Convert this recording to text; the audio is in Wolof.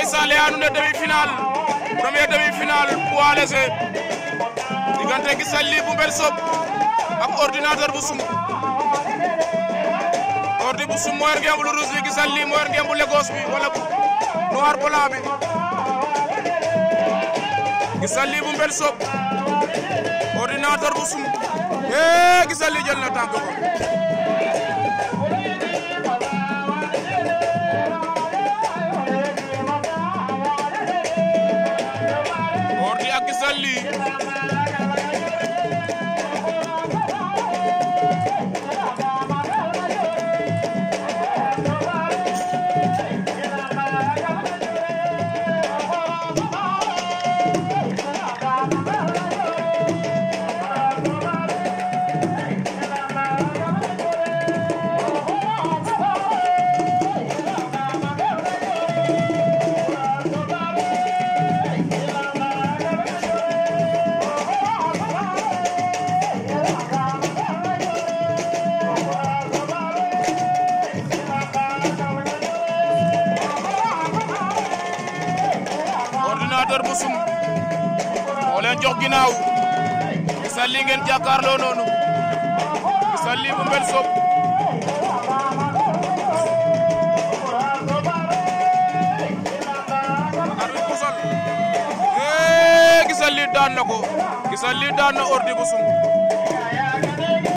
ndeysaan le ando naye demi-finale premier demi-finale poids léger diggante bu Mbel Sob ak ordinateur bu sum ordi bu sum moo yor ngemb Bali. ordinateur bu sum moo leen jox ginnaaw Issa Ly bu Mbel Sob arbit bu sol eh, na ko Issa Ly na ordi bu sum